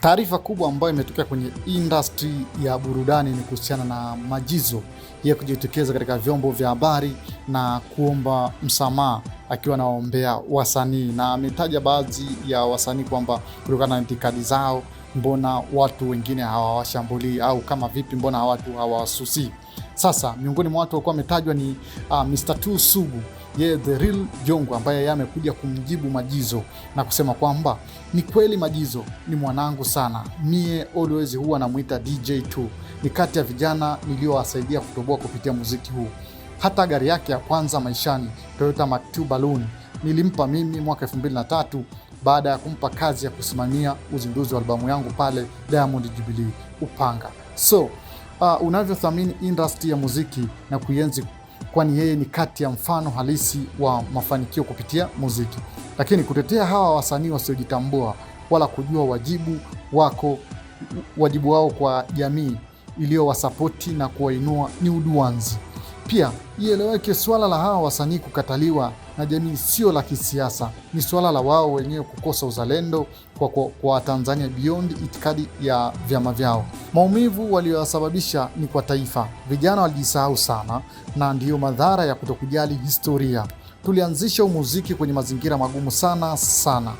Taarifa kubwa ambayo imetokea kwenye industry ya burudani ni kuhusiana na Majizo ya kujitokeza katika vyombo vya habari na kuomba msamaha akiwa anawaombea wasanii na ametaja baadhi ya wasanii kwamba kutokana na itikadi zao, mbona watu wengine hawawashambulii au kama vipi, mbona watu hawawasusii? Sasa miongoni mwa watu walikuwa wametajwa ni uh, ah, Mr. Tu Sugu yeye The Real Jongo ambaye yeye amekuja kumjibu Majizo na kusema kwamba ni kweli Majizo ni mwanangu sana, mie always huwa namwita DJ2, ni kati ya vijana niliyowasaidia kutoboa kupitia muziki huu. Hata gari yake ya kwanza maishani Toyota Mark II Balloon nilimpa mimi mwaka 2003 baada ya kumpa kazi ya kusimamia uzinduzi wa albamu yangu pale Diamond Jubilee Upanga. So uh, unavyothamini industry ya muziki na kuienzi, kwani yeye ni kati ya mfano halisi wa mafanikio kupitia muziki. Lakini kutetea hawa wasanii wasiojitambua wala kujua wajibu wako wajibu wao kwa jamii iliyowasapoti na kuwainua ni uduanzi. Pia ieleweke, suala la hawa wasanii kukataliwa na jamii sio la kisiasa, ni suala la wao wenyewe kukosa uzalendo kwa kwa Watanzania beyond itikadi ya vyama vyao. Maumivu waliyoyasababisha ni kwa taifa. Vijana walijisahau sana, na ndiyo madhara ya kutokujali historia. Tulianzisha umuziki kwenye mazingira magumu sana sana.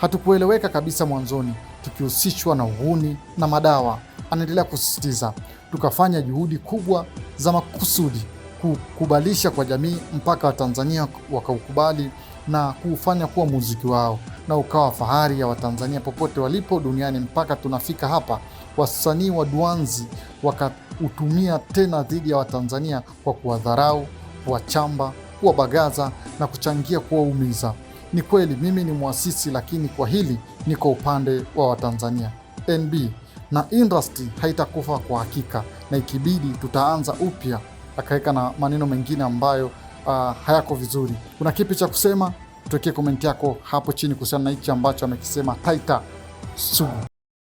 Hatukueleweka kabisa mwanzoni, tukihusishwa na uhuni na madawa anaendelea kusisitiza, tukafanya juhudi kubwa za makusudi kukubalisha kwa jamii mpaka Watanzania wakaukubali na kuufanya kuwa muziki wao na ukawa fahari ya Watanzania popote walipo duniani. Mpaka tunafika hapa, wasanii wa Duanzi wakautumia tena dhidi ya Watanzania kwa kuwadharau, kuwachamba, kuwabagaza na kuchangia kuwaumiza. Ni kweli mimi ni mwasisi, lakini kwa hili niko upande wa Watanzania. NB na industry haitakufa kwa hakika, na ikibidi tutaanza upya. Akaweka na maneno mengine ambayo uh, hayako vizuri. Kuna kipi cha kusema? Tuwekee komenti yako hapo chini kuhusiana na hichi ambacho amekisema Taita Sugu.